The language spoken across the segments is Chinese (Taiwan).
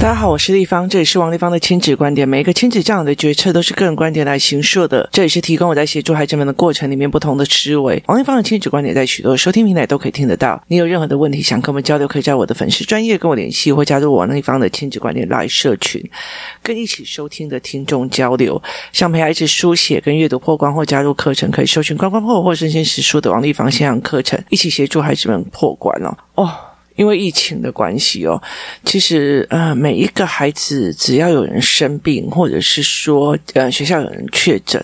大家好，我是麗芳，這裡是王麗芳的親子觀點。每一個親子教養的決策都是個人觀點來形塑的，這裡是提供我在協助孩子們的過程裡面不同的思維。王麗芳的親子觀點在許多收聽平台都可以聽得到。你有任何的問題想跟我們交流，可以在我的粉絲專頁跟我聯繫，或加入王麗芳的親子觀點來社群，跟一起收聽的聽眾交流。想陪孩子書寫跟閱讀破關或加入課程，可以搜尋“關關破”或“身心實書”的王麗芳線上課程，一起協助孩子們破關哦。哦、oh。因為疫情的關係哦，其實呃，每一個孩子只要有人生病，或者是說呃學校有人確診，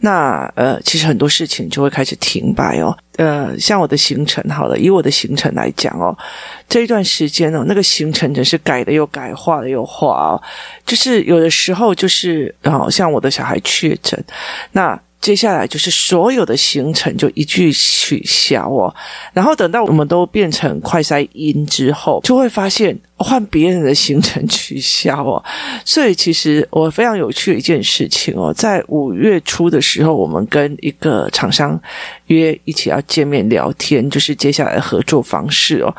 那呃，其實很多事情就會開始停擺哦。呃，像我的行程，好了，以我的行程來講哦，這一段時間哦，那個行程真是改了又改，畫了又畫哦，就是有的時候就是，哦、呃，像我的小孩確診那。接下來就是所有的行程就一律取消哦，然後等到我們都變成快篩陰之後，就會發現換別人的行程取消哦。所以其實我非常有趣一件事情哦，在五月初的時候，我們跟一個廠商約一起要見面聊天，就是接下來的合作方式哦，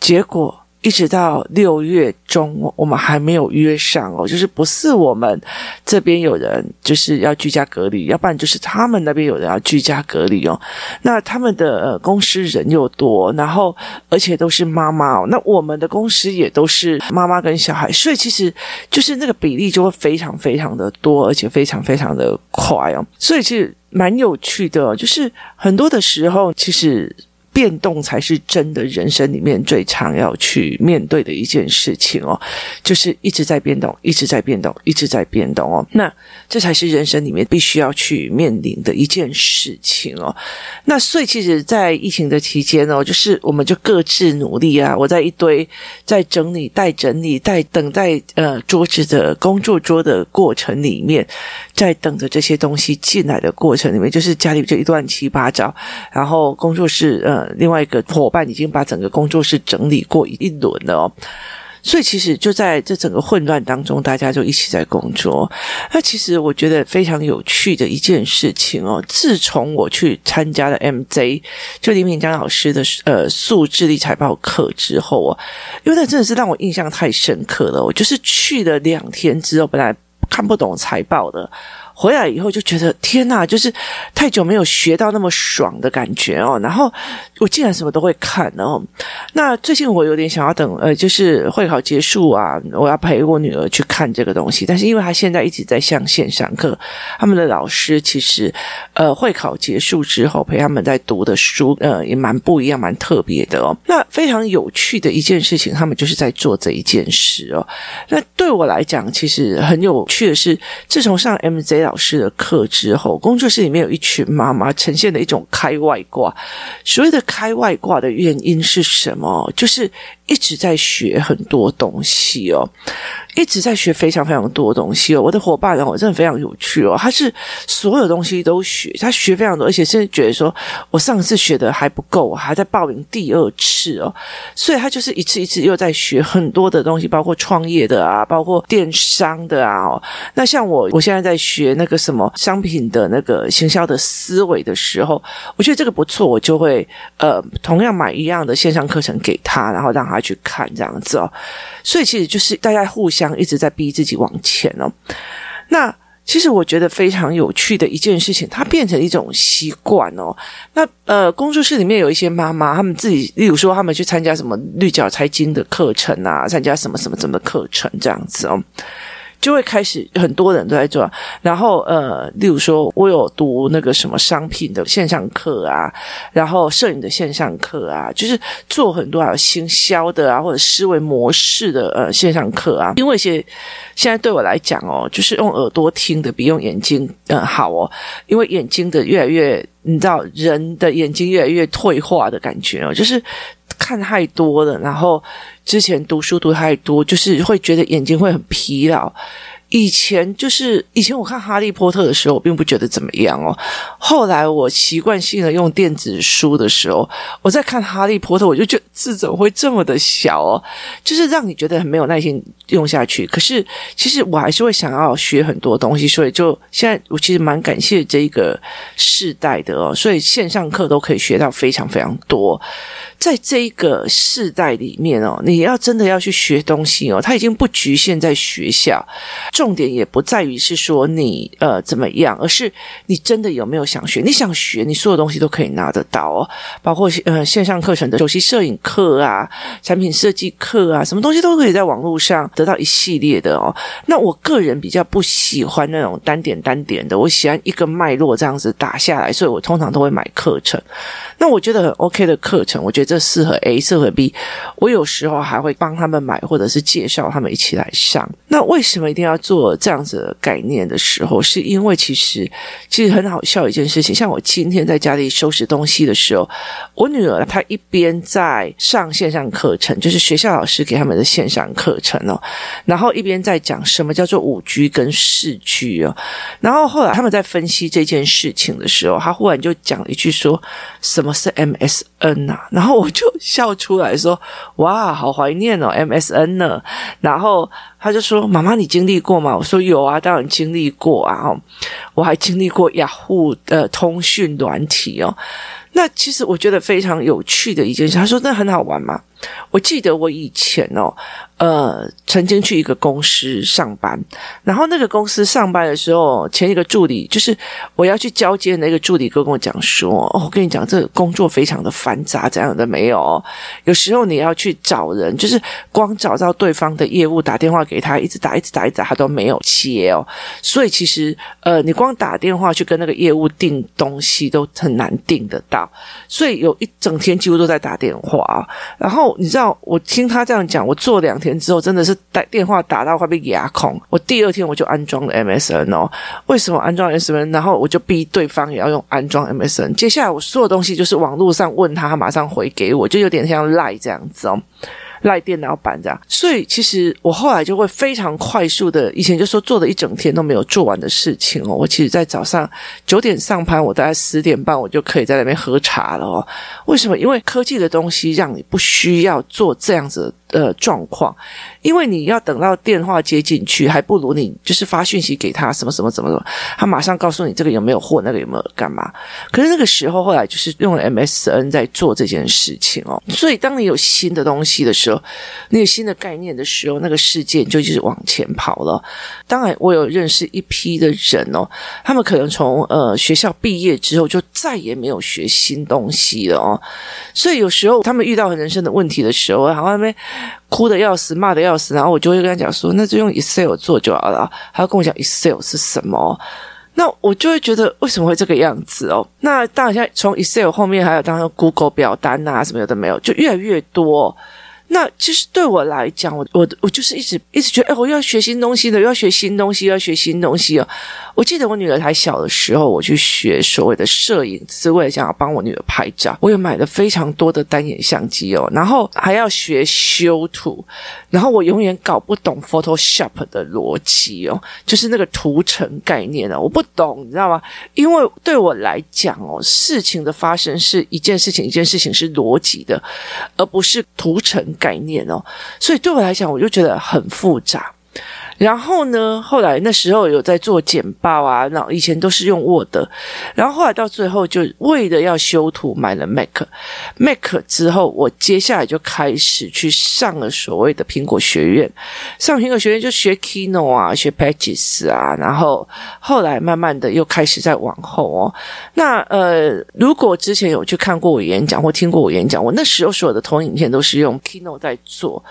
結果。一直到六月中，我們還沒有約上哦。就是不是我們這邊有人就是要居家隔離，要不然就是他們那邊有人要居家隔離哦。那他們的公司人又多，然後而且都是媽媽哦。那我們的公司也都是媽媽跟小孩，所以其實就是那個比例就會非常非常的多，而且非常非常的快哦。所以其實蠻有趣的哦，就是很多的時候其實。變動才是真的人生裡面最常要去面對的一件事情哦，就是一直在變動，一直在變動，一直在變動哦。那這才是人生裡面必須要去面臨的一件事情哦。那所以其實，在疫情的期間哦，就是我們就各自努力啊。我在一堆在整理、在整理、在整理、在等待呃桌子的工作桌的過程裡面，在等着這些東西進來的過程裡面，就是家裡就一亂七八糟，然後工作室呃。另外一個夥伴已經把整個工作室整理過一輪了哦，所以其實就在這整個混亂當中，大家就一起在工作。那其實我覺得非常有趣的一件事情哦，自從我去參加了 MJ，就林明樟老師的呃數字力財報課之後哦，因為那真的是讓我印象太深刻了。我就是去了兩天之後，本來看不懂財報的。回來以後就覺得天哪，就是太久沒有學到那麼爽的感覺哦。然後我竟然什麼都會看哦。那最近我有點想要等呃，就是會考結束啊，我要陪我女兒去看這個東西。但是因為她現在一直在上線上課，他們的老師其實呃，會考結束之後陪他們在讀的書呃，也蠻不一樣，蠻特別的哦。那非常有趣的一件事情，他們就是在做這一件事哦。那對我來講，其實很有趣的是，自從上 M Z。老師的課之後，工作室裡面有一群媽媽呈現的一種開外掛。所謂的開外掛的原因是什麼？就是一直在學很多東西哦。一直在學非常非常多的東西哦，我的夥伴呢，我真的非常有趣哦，他是所有東西都學，他學非常多，而且甚至覺得說我上次學的還不夠，我還在報名第二次哦，所以他就是一次一次又在學很多的東西，包括創業的啊，包括電商的啊哦，那像我，我現在在學那個什麼商品的那個行銷的思維的時候，我覺得這個不錯，我就會呃同樣買一樣的線上課程給他，然後讓他去看這樣子哦。所以其實就是大家互相。一直在逼自己往前哦。那其實我覺得非常有趣的一件事情，它變成一種習慣哦。那呃，工作室裡面有一些媽媽，她們自己，例如說，她們去參加什麼綠角財經的課程啊，參加什麼什麼什麼的課程這樣子哦。就會開始，很多人都在做。然後，呃，例如說，我有讀那個什麼商品的線上課啊，然後攝影的線上課啊，就是做很多還有行銷的啊，或者思維模式的呃線上課啊。因為一些現在對我來講哦，就是用耳朵聽的比用眼睛呃好哦，因為眼睛的越來越，你知道，人的眼睛越來越退化的感覺哦，就是。看太多了，然後之前讀書讀太多，就是會覺得眼睛會很疲勞。以前就是以前我看《哈利波特》的時候，我並不覺得怎麼樣哦。後來我習慣性的用電子書的時候，我在看《哈利波特》，我就覺得字怎麼會這麼的小哦？就是讓你覺得很沒有耐心用下去。可是其實我還是會想要學很多東西，所以就現在我其實蠻感謝這一個世代的哦。所以線上課都可以學到非常非常多。在這一個世代裡面哦，你要真的要去學東西哦，它已經不局限在學校。重點也不在於是說你呃怎麼樣，而是你真的有沒有想學？你想學，你所有東西都可以拿得到哦，包括呃線上課程的手機攝影課啊、產品設計課啊，什麼東西都可以在網絡上得到一系列的哦。那我個人比較不喜歡那種單點單點的，我喜歡一個脈絡這樣子打下來，所以我通常都會買課程。那我覺得很 OK 的課程，我覺得這適合 A 適合 B，我有時候還會幫他們買或者是介紹他們一起來上。那為什麼一定要？做這樣子的概念的時候，是因為其實其實很好笑一件事情。像我今天在家裡收拾東西的時候，我女兒她一邊在上線上課程，就是學校老師給他們的線上課程哦，然後一邊在講什麼叫做五 G 跟四 G 哦。然後後來他們在分析這件事情的時候，她忽然就講了一句說：“什麼是 MSN 啊？”然後我就笑出來說：“哇，好懷念哦 MSN 呢。”然後。他就說：“媽媽，你經歷過嗎？”我說：“有啊，當然經歷過啊！我還經歷過雅虎、齁、的通訊軟體哦。”那其實我覺得非常有趣的一件事，他說那很好玩嘛。我記得我以前哦，呃，曾經去一個公司上班，然後那個公司上班的時候，前一個助理就是我要去交接的那個助理哥跟我講說：“哦，我跟你講，這個工作非常的繁雜，怎樣的沒有、哦，有時候你要去找人，就是光找到對方的業務，打電話給他，一直打，一直打，一直他都沒有接哦。所以其實，呃，你光打電話去跟那個業務訂東西，都很難訂得到。”所以有一整天幾乎都在打電話，然後你知道我聽他這樣講，我做兩天之後真的是打電話打到快被牙孔。我第二天我就安裝了 MSN 哦，為什麼安裝 MSN？然後我就逼對方也要用安裝 MSN。接下來我說的東西就是網絡上問他，他馬上回給我，就有點像 LINE 這樣子哦。賴電腦板這樣，所以其實我後來就會非常快速的，以前就說做了一整天都沒有做完的事情哦，我其實在早上九點上班，我大概十點半我就可以在那邊喝茶了哦。為什麼？因為科技的東西讓你不需要做這樣子。呃，狀況，因為你要等到電話接進去，還不如你就是發訊息給他，什麼什麼什麼什麼，他馬上告訴你這個有沒有貨，那個有沒有幹嘛？可是那個時候後來就是用了 MSN 在做這件事情哦，所以當你有新的東西的時候，你有新的概念的時候，那個世界就一直往前跑了。當然，我有認識一批的人哦，他們可能從呃學校畢業之後就再也沒有學新東西了哦，所以有時候他們遇到人生的問題的時候，好像沒。哭的要死，罵的要死，然後我就會跟他講說，那就用 Excel 做就好了。他要跟我講 Excel 是什麼，那我就會覺得為什麼會這個樣子哦？那當然像從 Excel 後面還有，當然 Google 表單啊什麼的都沒有，就越來越多。那其實對我來講，我我我就是一直一直覺得，哎、欸，我又要學新東西的，又要學新東西，又要學新東西哦。我記得我女兒還小的時候，我去學所謂的攝影，是為了想要幫我女兒拍照。我也買了非常多的單眼相機哦，然後還要學修圖，然後我永遠搞不懂 Photoshop 的邏輯哦，就是那個圖層概念哦，我不懂，你知道嗎？因為對我來講哦，事情的發生是一件事情，一件事情是邏輯的，而不是圖層概念哦，所以對我來講，我就覺得很複雜。然後呢，後來那時候有在做簡報啊，然後以前都是用 Word，然後後來到最後就為了要修圖買了 Mac。Mac 之後，我接下來就開始去上了所謂的蘋果學院，上蘋果學院就學 Keynote 啊，學 Pages 啊，然後後來慢慢的又開始在往後哦。那呃，如果之前有去看過我演講或聽過我演講，我那時候所有的投影片都是用 Keynote 在做。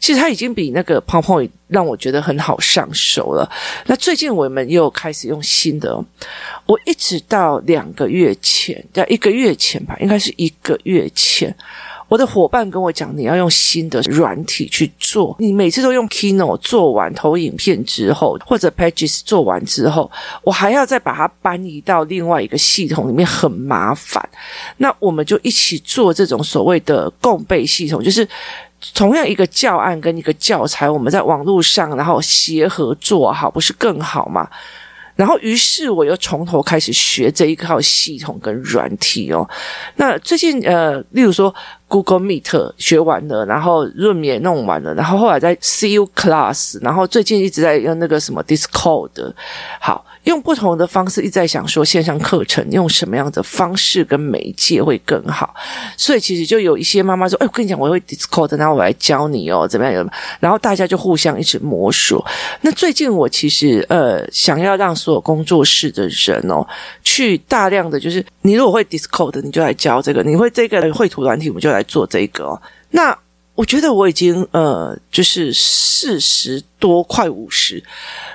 其實他已經比那個胖胖，也讓我覺得很好上手了。那最近我們又開始用新的。我一直到兩個月前，要一個月前吧，應該是一個月前，我的夥伴跟我講，你要用新的軟體去做。你每次都用 Keynote 做完投影片之後，或者 Pages 做完之後，我還要再把它搬移到另外一個系統裡面，很麻煩。那我們就一起做這種所謂的共備系統，就是。同樣一個教案、跟一個教材，我們在網絡上然後協合做好，不是更好嗎？然後於是我又從頭開始學這一套系統跟軟體哦。那最近呃，例如說 Google Meet 學完了，然後 Zoom 也弄完了，然後後來在 See You Class，然後最近一直在用那個什麼 Discord，好。用不同的方式，一直在想說線上課程用什麼樣的方式跟媒介會更好。所以其實就有一些媽媽說：“哎，我跟你講，我會 Discord，那我來教你哦，怎麼樣，怎麼樣？”然後大家就互相一直摸索。那最近我其實呃，想要讓所有工作室的人哦，去大量的就是，你如果會 Discord，你就來教這個；你會這個繪圖軟體，我就來做這個哦。那我覺得我已經呃，就是事實。多快五十，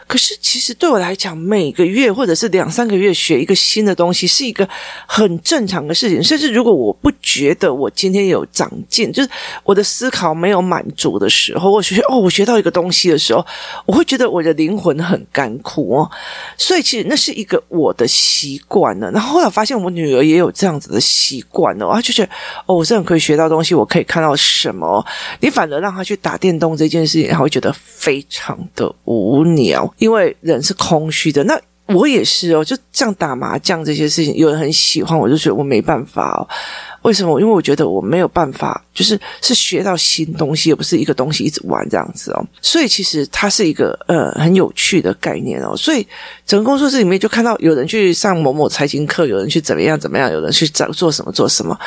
可是其實對我來講，每個月或者是兩三個月學一個新的東西是一個很正常的事情。甚至如果我不覺得我今天有長進，就是我的思考沒有滿足的時候，我學哦，我學到一個東西的時候，我會覺得我的靈魂很乾枯哦。所以其實那是一個我的習慣呢，然後後來發現我女兒也有這樣子的習慣哦，她、啊、就覺得哦，我這樣可以學到東西，我可以看到什麼、哦。你反而讓她去打電動這件事情，她會覺得非。常的無聊，因為人是空虛的。那。我也是哦，就這樣打麻將這些事情，有人很喜歡，我就覺得我沒辦法哦。為什麼？因為我覺得我沒有辦法，就是是學到新東西，也不是一個東西一直玩這樣子哦。所以其實它是一個呃很有趣的概念哦。所以整個工作室裡面就看到有人去上某某財經課，有人去怎麼樣怎麼樣，有人去找做什麼做什麼。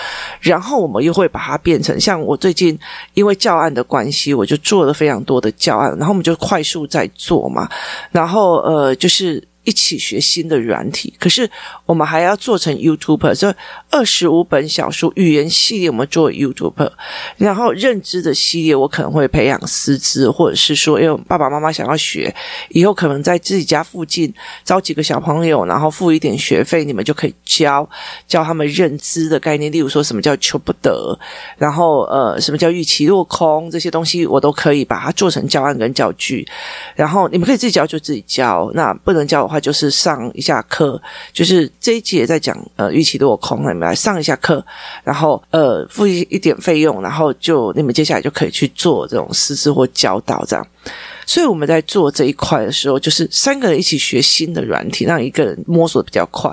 然後我們又會把它變成，像我最近因為教案的關係，我就做了非常多的教案，然後我們就快速在做嘛。然後呃，就是。一起學新的軟體，可是我們還要做成 YouTuber，所以二十五本小說語言系列，我們做 YouTuber，然後認知的系列，我可能會培養師資，或者是說，因為爸爸媽媽想要學，以後可能在自己家附近招幾個小朋友，然後付一點學費，你們就可以教教他們認知的概念，例如說什麼叫求不得，然後呃，什麼叫預期落空，這些東西我都可以把它做成教案跟教具，然後你們可以自己教就自己教，那不能教的話，就是上一下課，就是這一季也在講呃預期落空，你們來上一下課，然後呃付一一點費用，然後就你們接下來就可以去做這種師資或教導這樣。所以我們在做這一塊的時候，就是三個人一起學新的軟體，讓一個人摸索的比較快。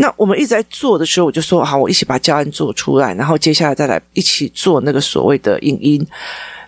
那我們一直在做的時候，我就說好，我一起把教案做出來，然後接下來再來一起做那個所謂的影音、音。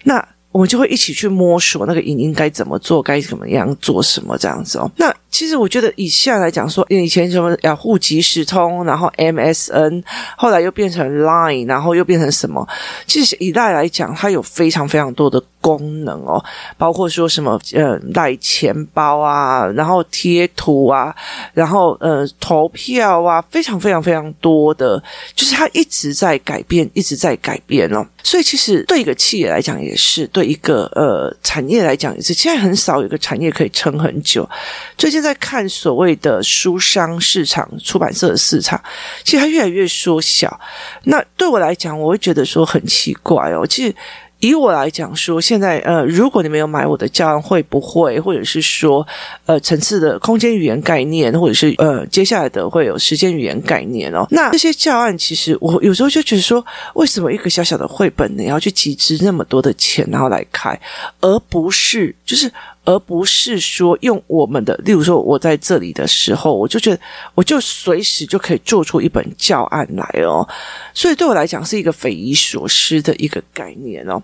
那我們就會一起去摸索那個影音該怎麼做，該怎麼樣做什麼這樣子哦。那其實我覺得，以下來講說，說以前什麼啊，戶籍時通，然後 MSN，後來又變成 Line，然後又變成什麼？其實以 Line 來講，它有非常非常多的。功能哦，包括說什麼呃，賴錢包啊，然後貼圖啊，然後呃，投票啊，非常非常非常多的，就是它一直在改變，一直在改變哦。所以其實對一個企業來講也是，對一個呃產業來講也是。現在很少有一個產業可以撐很久。最近在看所謂的書商市場、出版社的市場，其實它越來越縮小。那對我來講，我會覺得說很奇怪哦。其實。以我來講說，現在呃，如果你沒有買我的教案，會不會或者是說，呃，層次的空間語言概念，或者是呃，接下來的會有時間語言概念哦？那這些教案其實我有時候就覺得說，為什麼一個小小的繪本，你要去集資那麼多的錢然後來開，而不是就是？而不是說用我們的，例如說，我在這裡的時候，我就覺得我就隨時就可以做出一本教案來哦，所以對我來講是一個匪夷所思的一個概念哦。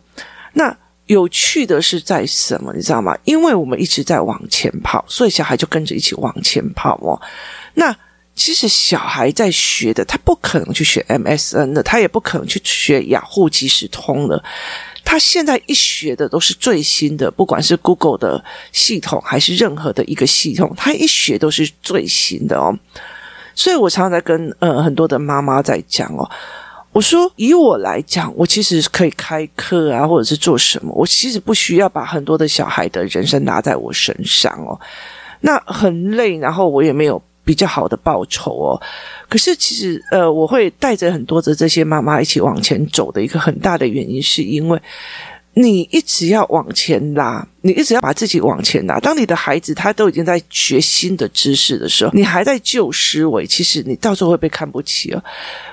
那有趣的是在什麼？你知道嗎？因為我們一直在往前跑，所以小孩就跟着一起往前跑哦。那其實小孩在學的，他不可能去學 MSN 的，他也不可能去學雅虎、ah、即時通的。他現在一學的都是最新的，不管是 Google 的系統還是任何的一個系統，他一學都是最新的哦。所以我常常在跟呃很多的媽媽在講哦，我說以我來講，我其實可以開課啊，或者是做什麼，我其實不需要把很多的小孩的人生拿在我身上哦，那很累，然後我也沒有，比較好的報酬哦，可是其實呃，我會帶着很多的這些媽媽一起往前走的一個很大的原因，是因為你一直要往前拉，你一直要把自己往前拉。當你的孩子他都已經在學新的知識的時候，你還在舊思維，其實你到時候會被看不起哦。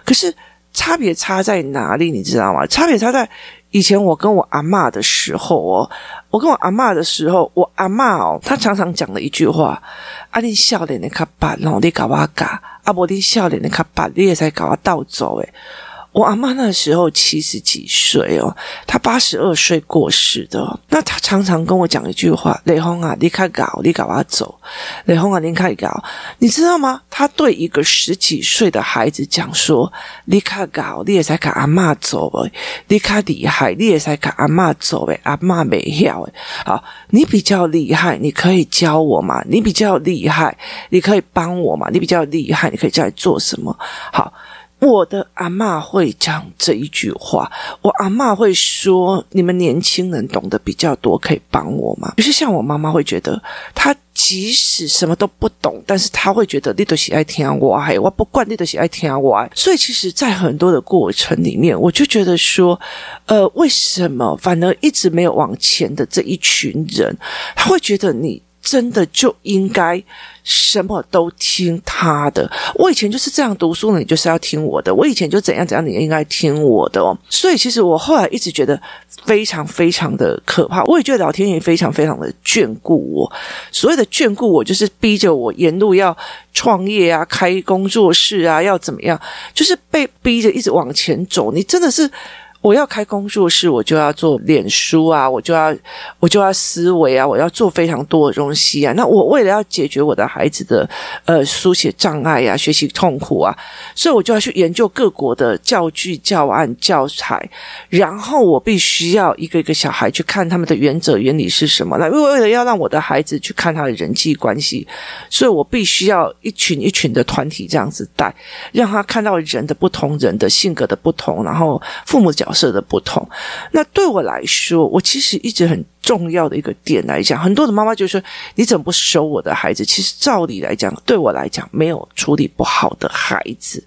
可是差別差在哪裡，你知道嗎？差別差在……以前我跟我阿嬤的時候哦，哦，我跟我阿嬤的時候，我阿嬤哦，她常常講的一句話：阿弟笑臉的卡巴，儂、啊、的搞瓦噶；阿伯的笑臉的卡巴，你也在搞瓦倒走誒。我阿媽那時候七十幾歲哦，她八十二歲過世的。那她常常跟我講一句話：“你較 𠢕 啊，你較 𠢕，你開阿走。”你較 𠢕 啊，你較 𠢕，你知道嗎？她對一個十幾歲的孩子講說：“你較 𠢕，你也在跟阿媽走唄？你較 𠢕，你也在跟阿媽走唄？阿媽沒要哎，好，你比較厲害，你可以教我嗎？你比較厲害，你可以幫我嗎？你比，你，幫我嗎？你比較厲害，你可以在做什麼？好。”我的阿嬤會講這一句話，我阿嬤會說：“你們年輕人懂得比較多，可以幫我嗎？”比如像我媽媽會覺得，她即使什麼都不懂，但是她會覺得麗朵喜愛聽啊我，愛我不管麗朵喜愛聽啊我，愛。所以其實，在很多的過程裡面，我就覺得說，呃，為什麼反而一直沒有往前的這一群人，她會覺得你？真的就應該什麼都聽他的。我以前就是這樣讀書的，你就是要聽我的。我以前就怎樣怎樣，你應該聽我的哦。所以其實我後來一直覺得非常非常的可怕。我也覺得老天爺非常非常的眷顧我。所謂的眷顧我，就是逼着我沿路要創業啊，開工作室啊，要怎麼樣，就是被逼着一直往前走。你真的是。我要開工作室，我就要做臉書啊，我就要我就要思維啊，我要做非常多的東西啊。那我為了要解決我的孩子的呃書寫障礙啊，學習痛苦啊，所以我就要去研究各國的教具、教案、教材。然後我必須要一個一個小孩去看他們的原則、原理是什麼。那為為了要讓我的孩子去看他的人際關係，所以我必須要一群一群的團體這樣子帶，讓他看到人的不同、人的性格的不同，然後父母的角。色的不同，那對我來說，我其實一直很重要的一個點來講，很多的媽媽就說：“你怎麼不收我的孩子？”其實照理來講，對我來講沒有處理不好的孩子，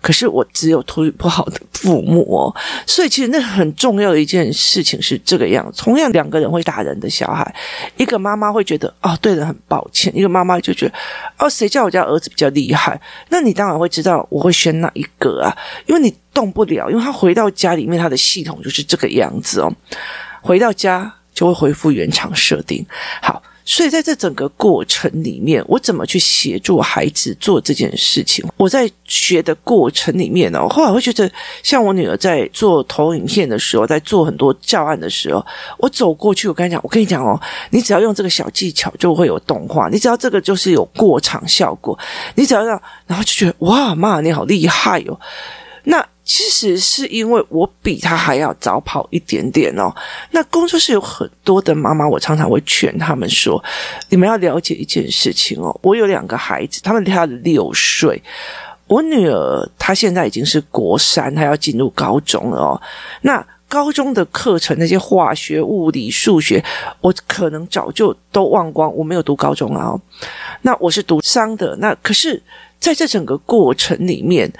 可是我只有處理不好的父母哦。所以其實那很重要的一件事情是這個樣子。同樣，兩個人會打人的小孩，一個媽媽會覺得：“哦，對人很抱歉。”一個媽媽就覺得：“哦，誰叫我家兒子比較厲害？”那你當然會知道我會選哪一個啊，因為你動不了，因為他回到家裡面，他的系統就是這個樣子哦。回到家。就會恢復原廠設定。好，所以在這整個過程裡面，我怎麼去協助孩子做這件事情？我在學的過程裡面呢，我後來會覺得，像我女兒在做投影片的時候，在做很多教案的時候，我走過去，我跟你講，我跟你講哦，你只要用這個小技巧，就會有動畫；你只要這個就是有過場效果；你只要讓，然後就覺得哇，媽，你好厲害哦。那。其實是因為我比他還要早跑一點點哦。那工作室有很多的媽媽，我常常會勸他們說：“你們要了解一件事情哦。”我有兩個孩子，他們他六歲。我女兒她現在已經是國三，她要進入高中了哦。那高中的課程，那些化學、物理、數學，我可能早就都忘光，我沒有讀高中啊、哦。那我是讀商的，那可是在這整個過程裡面。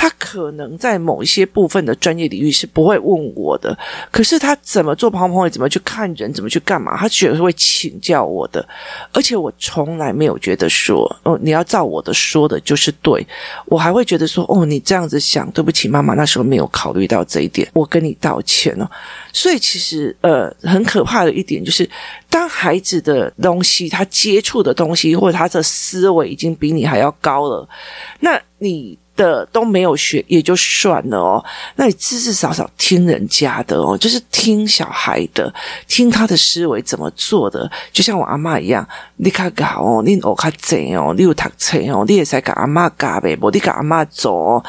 他可能在某一些部分的專業領域是不會問我的，可是他怎麼做朋友朋友，怎麼去看人，怎麼去幹嘛，他絕對會請教我的。而且我從來沒有覺得說哦，你要照我的說的就是對，我還會覺得說哦，你這樣子想，對不起，媽媽那時候沒有考慮到這一點，我跟你道歉哦。所以其實呃，很可怕的一點就是，當孩子的東西，他接觸的東西，或者他的思維已經比你還要高了，那你。的都沒有學也就算了哦，那你至至少少聽人家的哦，就是聽小孩的，聽他的思維怎麼做的，就像我阿媽一樣，你看搞哦，你學看正哦，你又讀冊哦，你也在搞阿媽嘎唄，你搞阿媽哦，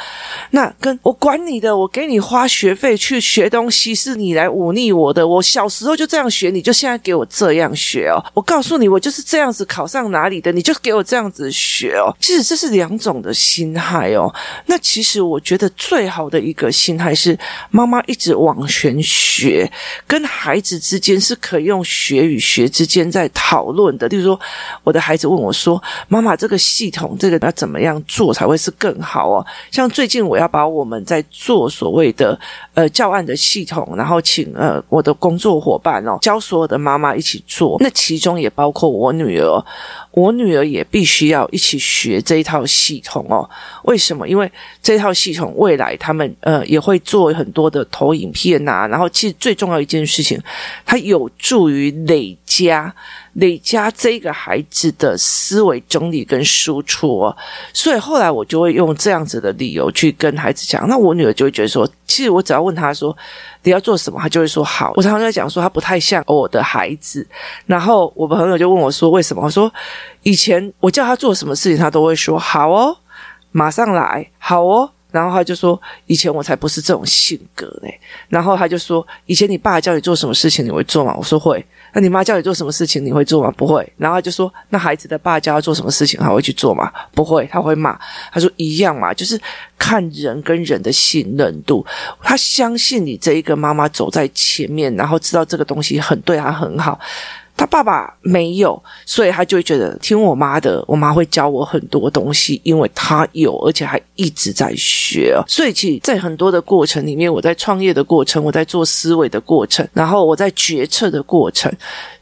那跟我管你的，我給你花學費去學東西，是你來忤逆我的，我小時候就這樣學，你就現在給我這樣學哦，我告訴你，我就是這樣子考上哪裡的，你就給我這樣子學哦，其實這是兩種的心態哦。那其實我覺得最好的一個心態是，媽媽一直往前學，跟孩子之間是可以用學與學之間在討論的。例如說，我的孩子問我說：“媽媽，這個系統這個要怎麼樣做才會是更好哦？”像最近我要把我們在做所謂的呃教案的系統，然後請呃我的工作伙伴哦教所有的媽媽一起做，那其中也包括我女兒，我女兒也必須要一起學這一套系統哦。為什麼？因為這套系統未來，他們呃也會做很多的投影片啊，然後其實最重要一件事情，它有助於累加累加這個孩子的思維整理跟輸出哦。所以後來我就會用這樣子的理由去跟孩子講，那我女兒就會覺得說，其實我只要問她說你要做什麼，她就會說好。我常常在講說她不太像我的孩子，然後我朋友就問我說為什麼？我說以前我叫她做什麼事情，她都會說好哦。馬上來，好哦。然後他就說：“以前我才不是這種性格嘞。”然後他就說：“以前你爸叫你做什麼事情，你會做嗎？”我說：“會。”那你媽叫你做什麼事情，你會做嗎？不會。然後他就說：“那孩子的爸叫他做什麼事情，他會去做嗎？”不會，他會罵。他說：“一樣嘛，就是看人跟人的信任度。他相信你這一個媽媽走在前面，然後知道這個東西很對他、啊、很好。”他爸爸沒有，所以他就會覺得聽我媽的。我媽會教我很多東西，因為他有，而且還一直在學哦。所以，其實在很多的過程裡面，我在創業的過程，我在做思維的過程，然後我在決策的過程，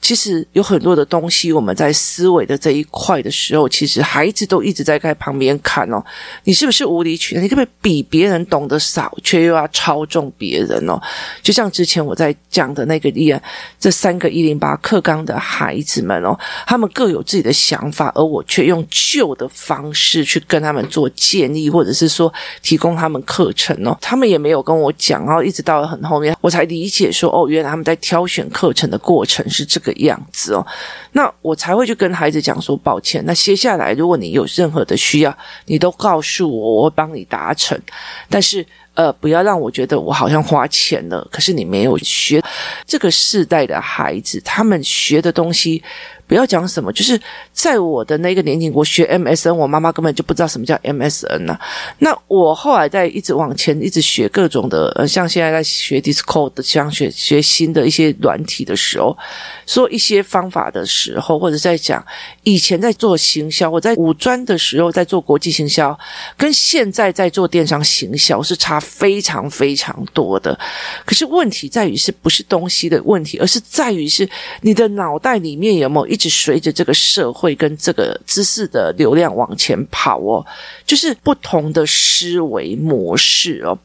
其實有很多的東西，我們在思維的這一塊的時候，其實孩子都一直在在旁邊看哦。你是不是無理取鬧？你可不可以比別人懂得少，卻又要操縱別人哦？就像之前我在講的那個例，這三個一零八課綱的孩子們哦，他們各有自己的想法，而我卻用舊的方式去跟他們做建議，或者是說提供他們課程哦，他們也沒有跟我講，然後一直到了很後面，我才理解說，哦，原來他們在挑選課程的過程是這個樣子哦，那我才會去跟孩子講說，抱歉，那接下來如果你有任何的需要，你都告訴我，我會幫你達成，但是。呃，不要讓我覺得我好像花錢了，可是你沒有學。這個世代的孩子，他們學的東西，不要講什麼，就是。在我的那個年齡，我學 MSN，我媽媽根本就不知道什麼叫 MSN 吶。那我後來在一直往前，一直學各種的，呃，像現在在學 Discord，像學學新的一些軟體的時候，說一些方法的時候，或者在講以前在做行銷，我在五專的時候在做國際行銷，跟現在在做電商行銷是差非常非常多的。可是問題在於是不是東西的問題，而是在於是你的腦袋裡面有沒有一直隨着這個社會。會跟這個知識的流量往前跑哦，就是不同的思維模式哦，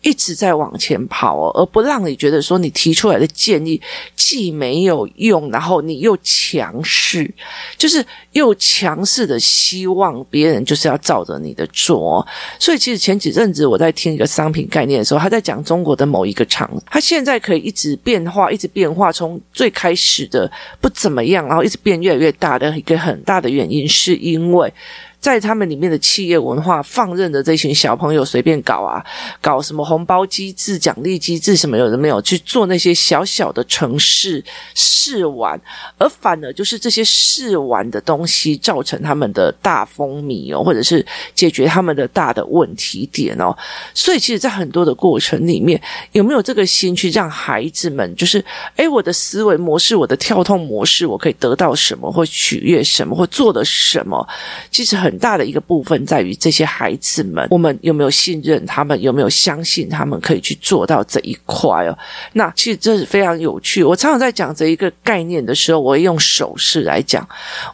一直在往前跑哦，而不讓你覺得說你提出來的建議既沒有用，然後你又強勢，就是又強勢的希望別人就是要照着你的做哦。所以，其實前幾陣子我在聽一個商品概念的時候，他在講中國的某一個廠，他現在可以一直變化，一直變化，從最開始的不怎麼樣，然後一直變越來越大的一個很很大的原因是因為。在他們裡面的企業文化放任的這群小朋友隨便搞啊，搞什麼紅包機制、獎勵機制什麼有的沒有去做那些小小的城市試玩，而反而就是這些試玩的東西造成他們的大風靡哦，或者是解決他們的大的問題點哦。所以其實，在很多的過程裡面，有沒有這個心去讓孩子們，就是，誒，我的思維模式，我的跳動模式，我可以得到什麼，或取悅什麼，或做的什麼，其實很。很大的一個部分在於這些孩子們，我們有沒有信任他們？有沒有相信他們可以去做到這一塊哦？那其實這是非常有趣。我常常在講這一個概念的時候，我會用手勢來講。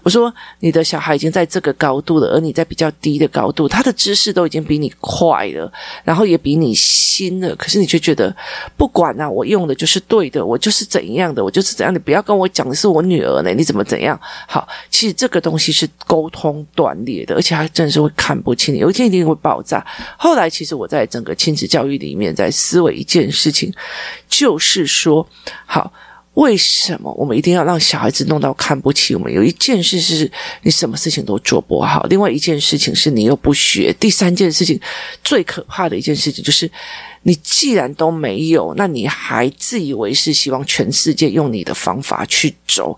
我說：“你的小孩已經在這個高度了，而你在比較低的高度，他的知識都已經比你快了，然後也比你新了。可是你卻覺得，不管呢、啊，我用的就是對的，我就是怎樣的，我就是怎樣的。你不要跟我講的是我女兒呢？你怎麼怎樣？好，其實這個東西是溝通斷裂。”而且還真的是會看不清你，有一天一定會爆炸。後來，其實我在整個親子教育裡面，在思維一件事情，就是說，好。為什麼我們一定要讓小孩子弄到看不起我們？有一件事是你什麼事情都做不好，另外一件事情是你又不學，第三件事情最可怕的一件事情就是你既然都沒有，那你還自以為是，希望全世界用你的方法去走，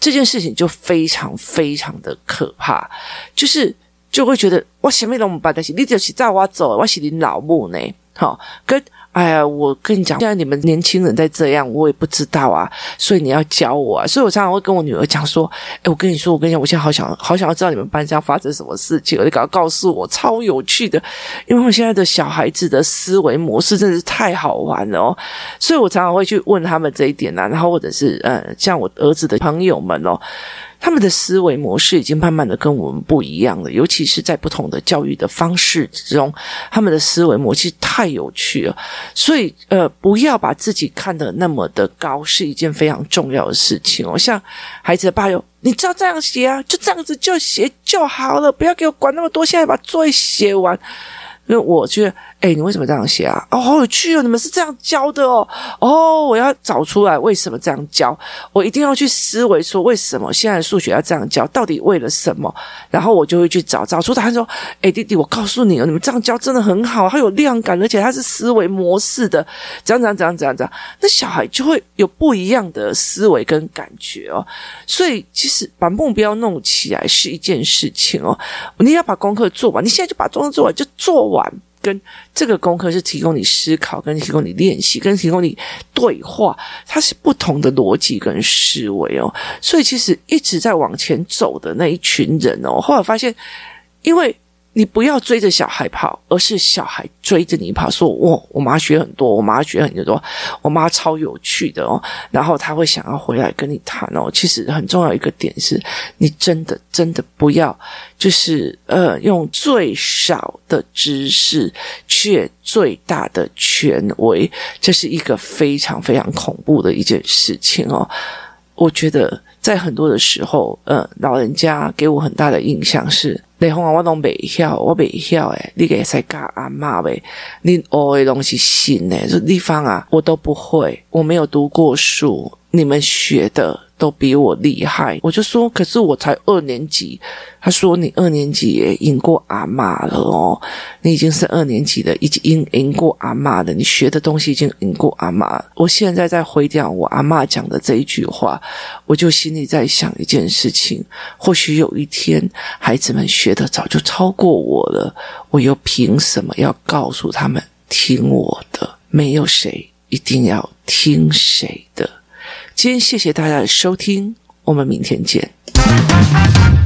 這件事情就非常非常的可怕，就是就會覺得哇，前面那麼巴在你你走去再挖走，我是你老母呢？好，跟。哎呀，我跟你講，現在你們年輕人在這樣，我也不知道啊，所以你要教我啊。所以我常常會跟我女兒講說：“哎，我跟你說，我跟你講，我現在好想好想要知道你們班上發生什麼事情，我就趕快告訴我，超有趣的，因為我現在的小孩子的思維模式真的是太好玩了哦。所以我常常會去問他們這一點啊，然後或者是呃、嗯，像我兒子的朋友們哦。”他們的思維模式已經慢慢的跟我們不一樣了，尤其是在不同的教育的方式之中，他們的思維模式太有趣了。所以，呃，不要把自己看得那麼的高，是一件非常重要的事情哦、喔。像孩子的爸喲，你知道這樣寫啊，就這樣子就寫就好了，不要給我管那麼多，現在把作業寫完。因為我覺得。哎、欸，你為什麼這樣寫啊？哦，好有趣哦！你們是這樣教的哦。哦，我要找出來為什麼這樣教，我一定要去思維，說為什麼現在數學要這樣教，到底為了什麼？然後我就會去找，找出答案說：“哎，弟、欸、弟，我告訴你哦，你們這樣教真的很好，它有量感，而且它是思維模式的，怎樣怎樣怎樣怎樣怎樣，那小孩就會有不一樣的思維跟感覺哦。所以，其實把目標弄起來是一件事情哦。你要把功課做完，你現在就把作做完，就做完。”跟這個功課是提供你思考，跟提供你練習，跟提供你對話，它是不同的邏輯跟思維哦。所以其實一直在往前走的那一群人哦，後來發現，因為。你不要追着小孩跑，而是小孩追着你跑。說：“我我媽學很多，我媽學很多，我媽超有趣的哦。”然後她會想要回來跟你談哦。其實很重要一個點是，你真的真的不要，就是呃，用最少的知識，卻最大的權威，這是一個非常非常恐怖的一件事情哦。我覺得在很多的時候，呃，老人家給我很大的印象是。地方啊，我都未曉，我未曉誒，你會使教阿嬤袂？你學的東西新，這地方啊，我都不會，我沒有讀過書，你們學的，都比我厲害，我就說，可是我才二年級。他說：“你二年級也贏過阿媽了哦，你已經是二年級的，已經贏贏過阿媽的，你學的東西已經贏過阿媽。”我現在在回想我阿媽講的這一句話，我就心裡在想一件事情：或許有一天，孩子們學的早就超過我了，我又憑什麼要告訴他們聽我的？沒有誰一定要聽誰的。今天謝謝大家的收聽，我們明天見。